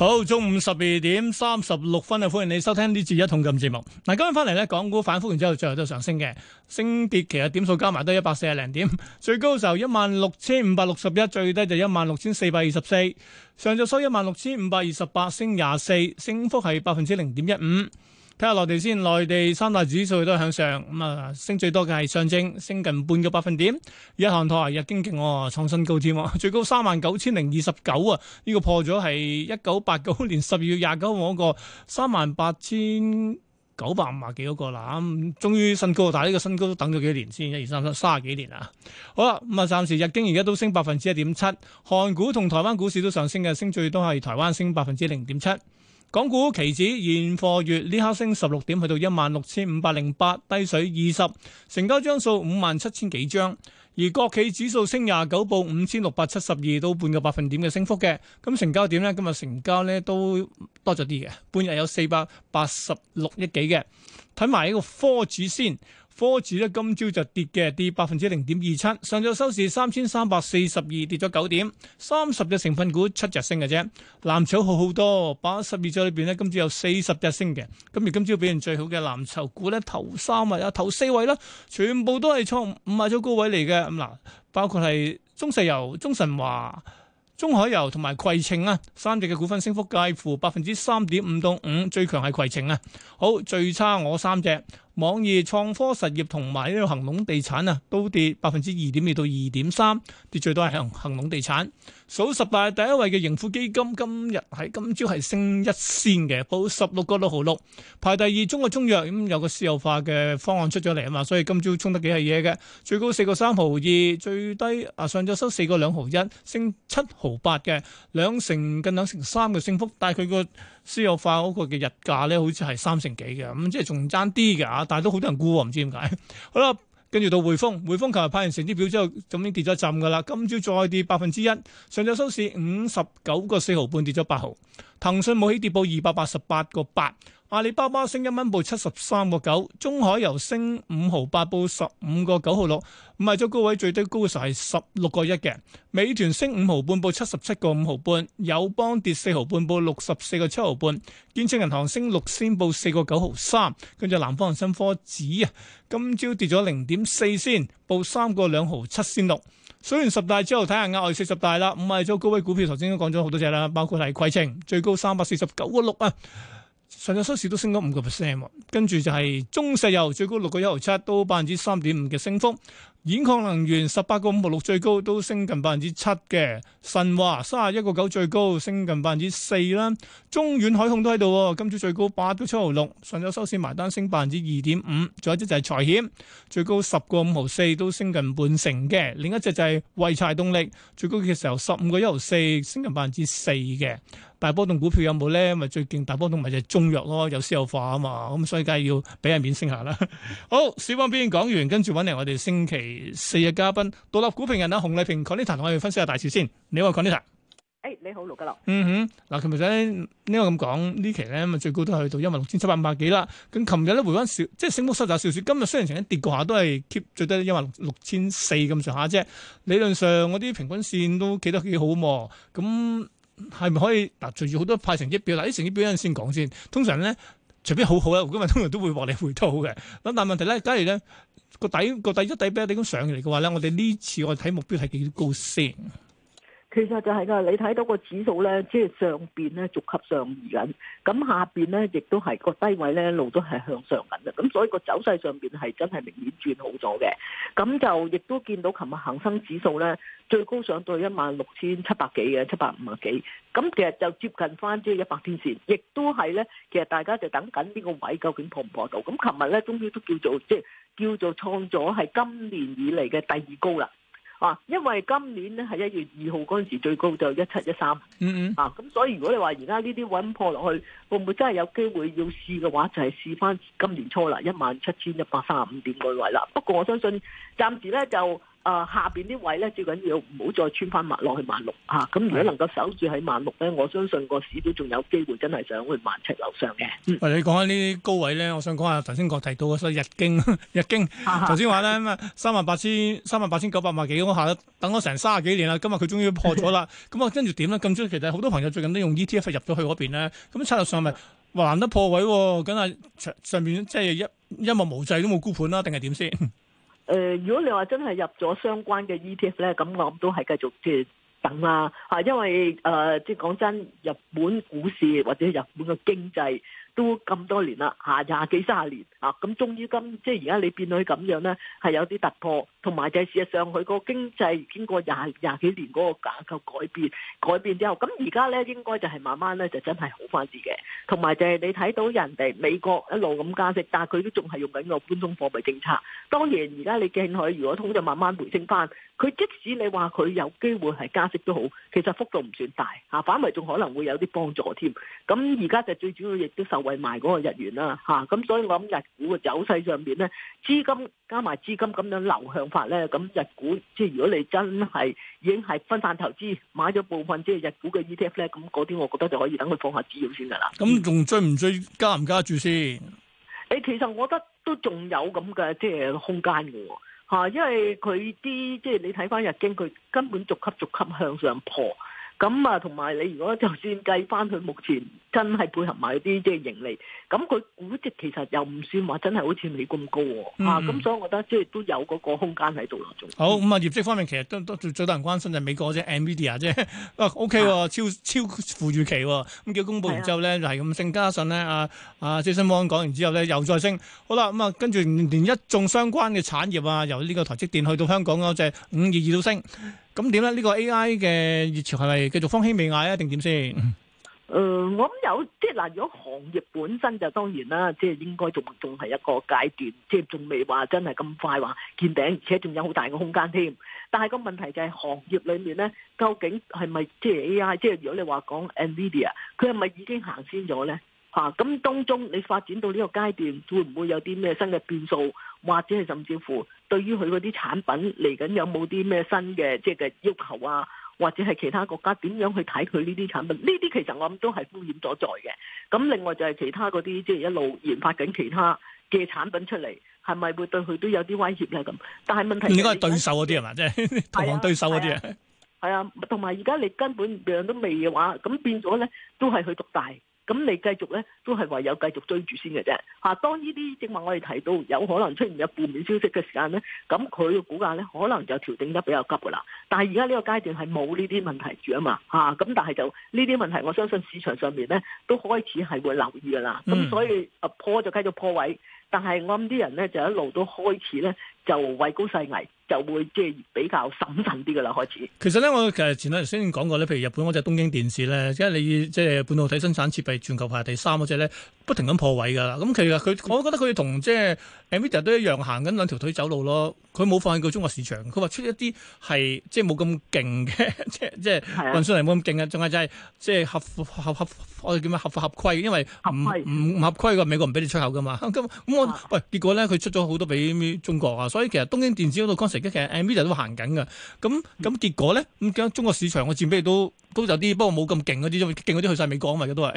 好，中午十二點三十六分啊，歡迎你收聽呢節一桶金節目。嗱，今日翻嚟咧，港股反覆完之後，最後都上升嘅，升跌其實點數加埋都一百四廿零點，最高嘅時候一萬六千五百六十一，最低就一萬六千四百二十四，上晝收一萬六千五百二十八，升廿四，升幅係百分之零點一五。睇下內地先，內地三大指數都向上，咁、嗯、啊升最多嘅係上證，升近半個百分點。而一航台日經勁喎、哦，創新高添，最高三萬九千零二十九啊！呢個破咗係一九八九年十二月廿九嗰個三萬八千九百五啊幾嗰個啦，咁終於新高。但係呢個新高都等咗幾年先，一二三三，三十幾年啊。好啦，咁啊暫時日經而家都升百分之一點七，韓股同台灣股市都上升嘅，升最多係台灣升百分之零點七。港股期指現貨月呢刻升十六點，去到一萬六千五百零八，低水二十，成交張數五萬七千幾張。而國企指數升廿九，報五千六百七十二，到半個百分點嘅升幅嘅。咁成交點呢？今日成交呢都多咗啲嘅，半日有四百八十六億幾嘅。睇埋呢個科指先。科指咧，今朝就跌嘅，跌百分之零點二七。上晝收市三千三百四十二，跌咗九點。三十隻成分股七隻升嘅啫。藍籌好好多，八十二隻裏邊呢，今朝有四十隻升嘅。咁而今朝俾人最好嘅藍籌股呢，頭三位啊，頭四位啦，全部都係創五十日高位嚟嘅。咁嗱，包括係中石油、中神華、中海油同埋攜程啊三隻嘅股份升幅介乎百分之三點五到五，最強係攜程啊。好，最差我三隻。網易創科實業同埋呢個恒隆地產啊，都跌百分之二點二到二點三，跌最多係恒恒隆地產。數十大第一位嘅盈富基金，今日喺今朝係升一仙嘅，報十六個六毫六，排第二。中國中藥，咁有個私有化嘅方案出咗嚟啊嘛，所以今朝衝得幾係嘢嘅，最高四個三毫二，最低啊，上晝收四個兩毫一，升七毫八嘅，兩成近兩成三嘅升幅，但係佢個私有化嗰個嘅日價咧，好似係三成幾嘅，咁即係仲爭啲嘅。但係都好多人估喎，唔知點解。好啦，跟住到匯豐，匯豐琴日派完成績表之後，已經跌咗一浸噶啦。今朝再跌百分之一，上晝收市五十九個四毫半，跌咗八毫。騰訊無起跌，報二百八十八個八。阿里巴巴升一蚊八，報七十三個九；中海油升五毫八，報十五個九毫六。五十周高位最低高嗰時係十六個一嘅。美團升五毫半，報七十七個五毫半。友邦跌四毫半，報六十四個七毫半。建設銀行升六仙，報四個九毫三。跟住南方恒生科指啊，今朝跌咗零點四仙，報三個兩毫七仙六。數完十大之後，睇下額外四十大啦。五十周高位股票，頭先都講咗好多隻啦，包括係攜程，最高三百四十九個六啊。上日收市都升咗五個 percent，跟住就係中石油最高六個一毫七，都百分之三點五嘅升幅。兗礦能源十八個五毫六最高都升近百分之七嘅，神華卅一個九最高升近百分之四啦，中遠海控都喺度，今朝最高八個七毫六，上晝收市埋單升百分之二點五，仲有一隻就係財險最高十個五毫四都升近半成嘅，另一隻就係濰柴動力最高嘅時候十五個一毫四，升近百分之四嘅大波動股票有冇咧？咪最勁大波動咪就係中藥咯，有私有化啊嘛，咁所以梗係要俾人面升下啦。好，小方邊講完，跟住揾嚟我哋星期。四日嘉賓獨立股評人啊，熊麗萍 Connie 同我哋分析下大事先。你好講呢壇？誒，你好，盧家樂。嗯哼，嗱，琴日咧呢個咁講，呢期咧咁啊，最高都去到一萬六千七百五百幾啦。咁琴日咧回返少，即係升幅收窄少少。今日雖然曾經跌過下，都係 keep 最低一萬六千四咁上下啫。理論上嗰啲平均線都企得幾好喎。咁係咪可以嗱？隨住好多派成績表，嗱啲成績表先講先。通常咧，除非好好咧，今日通常都會獲利回吐嘅。咁但係問題咧，假如咧。個底個底一底俾一啲咁上嚟嘅話咧，我哋呢次我哋睇目標係幾高先？其實就係噶，你睇到個指數咧，即係上邊咧逐級上移緊，咁下邊咧亦都係個低位咧路都係向上緊嘅，咁所以個走勢上邊係真係明顯轉好咗嘅。咁就亦都見到琴日恒生指數咧最高上到一萬六千七百幾嘅七百五十幾，咁其實就接近翻即係一百天線，亦都係咧。其實大家就等緊呢個位究竟破唔破到？咁琴日咧，終於都叫做即係。叫做創咗係今年以嚟嘅第二高啦，啊，因為今年咧係一月二號嗰陣時最高就一七一三，嗯嗯，啊，咁、嗯、所以如果你話而家呢啲揾破落去會唔會真係有機會要試嘅話，就係試翻今年初啦，一萬七千一百三十五點嗰位啦。不過我相信暫時咧就。00, 啊，下邊啲位咧最緊要唔好再穿翻麥落去萬六吓，咁如果能夠守住喺萬六咧，我相信個市都仲有機會真係上去萬尺樓上嘅。喂，你講下呢啲高位咧，我想講下頭先我提到嘅，所日經日經頭先話咧三萬八千三萬八千九百萬幾，我下等咗成卅幾年啦，今日佢終於破咗啦，咁啊 跟住點咧？咁中其實好多朋友最近都用 E T F 入咗去嗰邊咧，咁策略上咪難得破位、哦？咁啊上面，即係一一目無際都冇沽盤啦，定係點先？誒、呃，如果你話真係入咗相關嘅 ETF 呢，咁我諗都係繼續即係等啦嚇，因為誒即係講真，日本股市或者日本嘅經濟，都咁多年啦，嚇廿幾三十年啊！咁終於今即係而家你變到咁樣呢，係有啲突破，同埋就係事實上佢個經濟經過廿廿幾年嗰個結構改變改變之後，咁而家呢應該就係慢慢呢，就真係好翻啲嘅。同埋就係你睇到人哋美國一路咁加息，但係佢都仲係用緊個寬鬆貨幣政策。當然而家你見佢如果通脹就慢慢回升翻，佢即使你話佢有機會係加息都好，其實幅度唔算大嚇，反為仲可能會有啲幫助添。咁而家就最主要亦都受賣嗰個日元啦，吓、啊、咁所以我諗日股嘅走勢上邊咧，資金加埋資金咁樣流向法咧，咁日股即係如果你真係已經係分散投資買咗部分即係日股嘅 ETF 咧，咁嗰啲我覺得就可以等佢放下資料先噶啦。咁仲、嗯嗯、追唔追加唔加注先？誒、欸，其實我覺得都仲有咁嘅即係空間嘅，吓、啊，因為佢啲即係你睇翻日經，佢根本逐級，逐級逐級向上破。咁啊，同埋你如果就算計翻佢目前真係配合埋啲即係盈利，咁佢估值其實又唔算話真係好似你咁高喎，啊咁所以我覺得即係都有嗰個空間喺度咯，好咁啊、嗯、業績方面其實都都最最多人關心就係美國隻 Nvidia 啫 ，OK、哦、超、啊、超，超富預期喎、哦，咁叫公佈完之後咧就係咁升，加上咧啊啊最新講完之後咧又再升，好啦咁啊、嗯、跟住連一眾相關嘅產業啊，由呢個台積電去到香港嗰隻五二二都升。咁點咧？呢個 AI 嘅熱潮係咪繼續方興未艾啊？定點先？誒，我諗有即係嗱，如果行業本身就當然啦，即係應該仲仲係一個階段，即係仲未話真係咁快話見頂，而且仲有好大嘅空間添。但係個問題就係行業裏面咧，究竟係咪即係 AI？即係如果你話講 NVIDIA，佢係咪已經行先咗咧？吓，咁當中你發展到呢個階段，會唔會有啲咩新嘅變數？或者係甚至乎對於佢嗰啲產品嚟緊有冇啲咩新嘅即係嘅要求啊，或者係其他國家點樣去睇佢呢啲產品？呢啲其實我諗都係風險所在嘅。咁另外就係其他嗰啲即係一路研發緊其他嘅產品出嚟，係咪會對佢都有啲威脅咧？咁但係問題，應該係對手嗰啲係嘛？即 係同行對手嗰啲啊？係啊，同埋而家你根本樣都未嘅話，咁變咗咧都係佢獨大。咁你繼續咧，都係唯有繼續追住先嘅啫。嚇、啊，當呢啲正話我哋提到有可能出現有負面消息嘅時間咧，咁佢嘅股價咧可能就調整得比較急噶啦。但係而家呢個階段係冇呢啲問題住啊嘛。嚇、啊，咁但係就呢啲問題，我相信市場上面咧都開始係會留意噶啦。咁所以、啊、破就繼續破位，但係我諗啲人咧就一路都開始咧就畏高勢危。就會即係比較審慎啲噶啦，開始。其實咧，我其實前兩日先講過咧，譬如日本嗰隻東京電視咧，即係你即係半導體生產設備全球排第三嗰隻咧，不停咁破位噶啦。咁其實佢，我覺得佢同即係 Amita 都一樣行緊兩條腿走路咯。佢冇放棄過中國市場，佢話出一啲係即係冇咁勁嘅，即係即係運輸嚟冇咁勁嘅，仲係真係即係合合合我哋叫咩合法合規嘅，因為唔合規嘅，美國唔俾你出口噶嘛。咁咁我喂結果咧，佢出咗好多俾中國啊，所以其實東京電視嗰度而家其實 Amway 都行緊噶，咁咁結果咧，咁將中國市場我佔比都都有啲，不過冇咁勁嗰啲，勁嗰啲去晒美國嘛，而家都係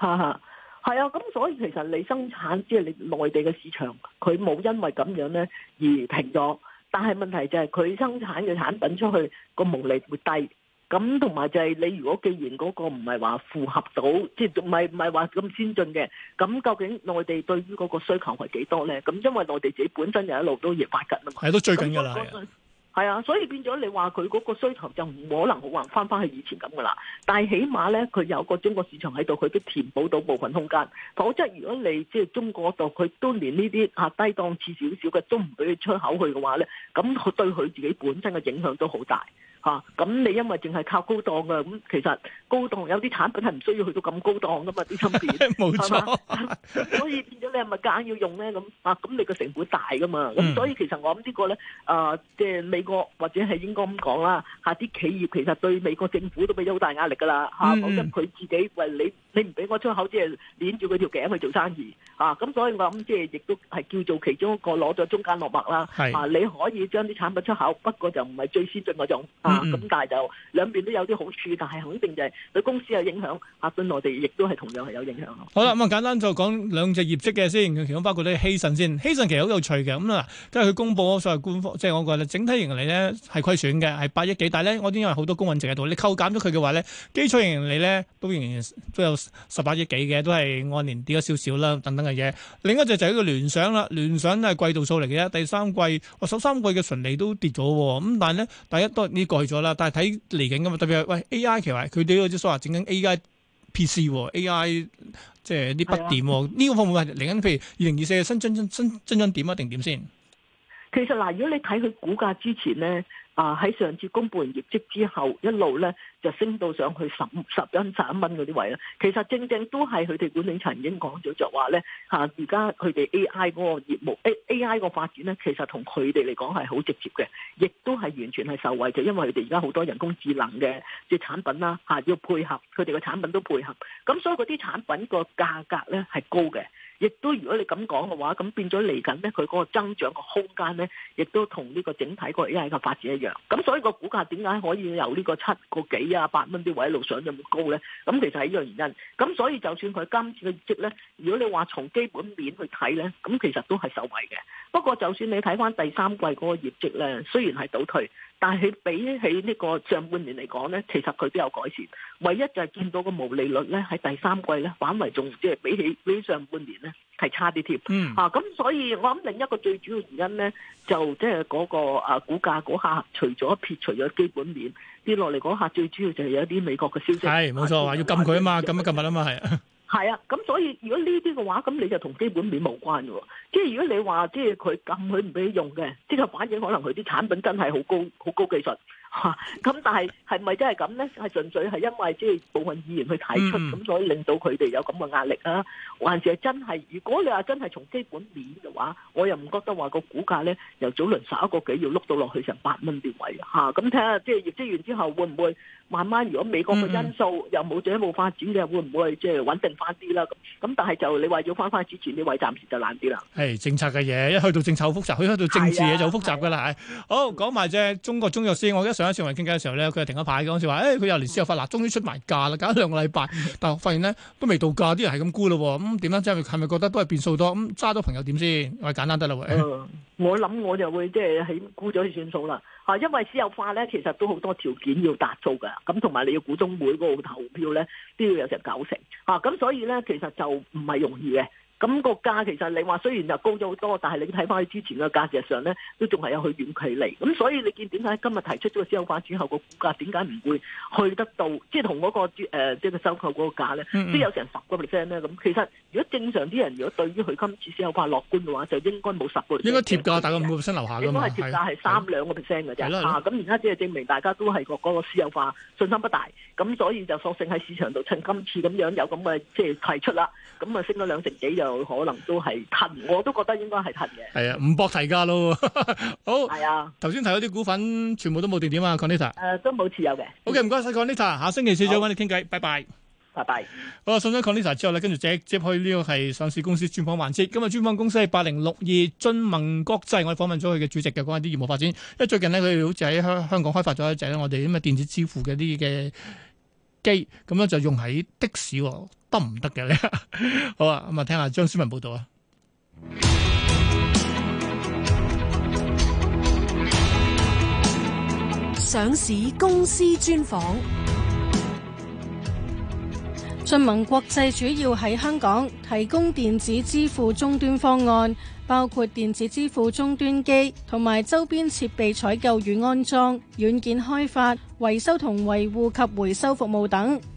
嚇嚇，係啊，咁所以其實你生產即係、就是、你內地嘅市場，佢冇因為咁樣咧而停咗，但係問題就係佢生產嘅產品出去個毛利會低。咁同埋就係你如果既然嗰個唔係話符合到，即係唔係唔係話咁先進嘅，咁究竟內地對於嗰個需求係幾多咧？咁因為內地自己本身就一路都研發緊啊嘛，係都追緊噶啦，係啊，所以變咗你話佢嗰個需求就唔可能好難翻翻去以前咁噶啦。但係起碼咧，佢有個中國市場喺度，佢都填補到部分空間。否則如果你即係中國度，佢都連呢啲啊低檔次少少嘅都唔俾佢出口去嘅話咧，咁佢對佢自己本身嘅影響都好大。吓咁、啊、你因為淨係靠高檔噶咁。其實高檔有啲產品係唔需要去到咁高檔噶嘛，啲芯片，冇錯，所以變咗你係咪夾硬要用咧？咁啊，咁你個成本大噶嘛咁，嗯、所以其實我諗呢個咧啊，即係美國或者係應該咁講啦，嚇、啊、啲企業其實對美國政府都俾咗好大壓力噶啦嚇，啊嗯、否則佢自己喂，你你唔俾我出口，即係攆住佢條頸去做生意嚇咁，啊、所以我諗、啊、即係亦都係叫做其中一個攞咗中間落墨啦。啊，你可以將啲產品出口，不過就唔係最先進嗰種。啊啊咁、嗯嗯、但係就兩邊都有啲好處，但係肯定就係對公司有影響。亞運內地亦都係同樣係有影響。嗯、好啦，咁啊簡單就講兩隻業績嘅先，其中包括啲希慎先。希慎其實好有趣嘅，咁、嗯、啊，即係佢公布所謂官方，即、就、係、是、我覺得整體盈利咧係虧損嘅，係八億幾。但係咧，我啲因為好多公允值喺度，你扣減咗佢嘅話咧，基礎盈利咧都仍然都有十八億幾嘅，都係按年跌咗少少啦等等嘅嘢。另一隻就係一個聯想啦，聯想都係季度數嚟嘅啫，第三季我首三季嘅純利都跌咗。咁但係咧，第一都呢、這個。去咗啦，但係睇嚟緊噶嘛特別係喂 A I，其實佢哋有啲所謂整緊 A I P C，A I 即係啲筆點，呢、啊、個方面係嚟緊，譬如二零二四新增增新增長點啊，定點先。其實嗱、呃，如果你睇佢股價之前咧。啊！喺上次公布完業績之後，一路呢就升到上去十十蚊、十一蚊嗰啲位啦。其實正正都係佢哋管理層已經講咗就話、是、呢，嚇而家佢哋 A I 嗰個業務 A A I 個發展呢，其實同佢哋嚟講係好直接嘅，亦都係完全係受惠嘅，因為佢哋而家好多人工智能嘅即係產品啦，嚇、啊、要配合佢哋嘅產品都配合，咁所以嗰啲產品個價格呢係高嘅。亦都如果你咁講嘅話，咁變咗嚟緊咧，佢嗰個增長個空間咧，亦都同呢個整體個 AI 個發展一樣。咁所以個股價點解可以由呢個七個幾啊八蚊啲位喺度上咁高咧？咁其實係呢個原因。咁所以就算佢今次嘅業績咧，如果你話從基本面去睇咧，咁其實都係受惠嘅。不過就算你睇返第三季嗰個業績咧，雖然係倒退。但係比起呢個上半年嚟講呢，其實佢都有改善，唯一就係見到個毛利率呢，喺第三季呢，反為仲即係比起比上半年呢，係差啲添。啊，咁所以我諗另一個最主要原因呢，就即係嗰個啊股價嗰下，除咗撇除咗基本面跌落嚟嗰下，最主要就係有啲美國嘅消息。係冇、哎、錯話要撳佢啊嘛，撳一撳日啊嘛係。 係啊，咁所以如果呢啲嘅話，咁你就同基本面無關嘅喎。即係如果你話，即係佢禁佢唔俾用嘅，即係反映可能佢啲產品真係好高好高技術嚇。咁但係係咪真係咁咧？係純粹係因為即係部分議員去睇出，咁所以令到佢哋有咁嘅壓力啊？還是係真係？如果你話真係從基本面嘅話，我又唔覺得話個股價咧由早輪十一個幾，要碌到落去成八蚊邊位嚇。咁睇下即係業績完之後會唔會？慢慢，嗯、如果美國嘅因素又冇再冇發展，你會唔會即係穩定翻啲啦？咁咁，但係就你話要翻翻之前，你話暫時就難啲啦。係、hey, 政策嘅嘢，一去到政策好複雜，去到政治嘢就好複雜噶啦。係、啊，好講埋啫。嗯、中國中藥師，我一上一次嚟傾偈嘅時候咧，佢停一排。嗰陣時話，佢、欸、又連輸又發難，終於出埋價啦，搞一兩個禮拜，但係發現咧都未到價，啲人係咁估咯。咁點咧？即係係咪覺得都係變數多？咁揸咗朋友點先？我簡單得啦，喂、嗯。我諗我就會即係喺估咗去算數啦，嚇、啊！因為私有化咧，其實都好多條件要達到㗎，咁同埋你要股東會每個投票咧，都要有成九成，嚇、啊！咁所以咧，其實就唔係容易嘅。咁個價其實你話雖然又高咗好多，但係你睇翻去之前嘅價值上咧，都仲係有佢遠距離。咁所以你見點解今日提出咗私有化之後個股價點解唔會去得到？即係同嗰個誒即係佢收購嗰個價咧，都、嗯嗯、有成十個 percent 咧。咁其實如果正常啲人如果對於佢今次私有化樂觀嘅話，就應該冇十個 percent 應該貼價，大概五個 percent 樓下㗎。應該係貼價係三兩個 percent 嘅啫。啊，咁而家只係證明大家都係個嗰個私有化信心不大。咁所以就索性喺市場度趁今次咁樣有咁嘅即係提出啦。咁啊升咗兩成幾樣。可能都係吞，我都覺得應該係吞嘅。係啊，唔博提價咯。 好，係啊。頭先提嗰啲股份，全部都冇定點啊，Connyta。誒、呃，都冇持有嘅。OK，唔該晒 Connyta 下星期四再揾好你傾偈，拜拜。拜拜。好啊，送咗 Connyta 之後呢，跟住直接，接，接去呢個係上市公司專訪環節。今日專訪公司係八零六二俊盟國際，我訪問咗佢嘅主席嘅，講下啲業務發展。因為最近呢，佢哋好似喺香香港開發咗一隻咧，我哋咁嘅電子支付嘅啲嘅。機咁樣就用喺的士得唔得嘅咧？行行 好啊，咁啊聽下張書文報道啊！上市公司專訪。俊盟國際主要喺香港提供電子支付終端方案，包括電子支付終端機同埋周邊設備採購與安裝、軟件開發、維修同維護及回收服務等。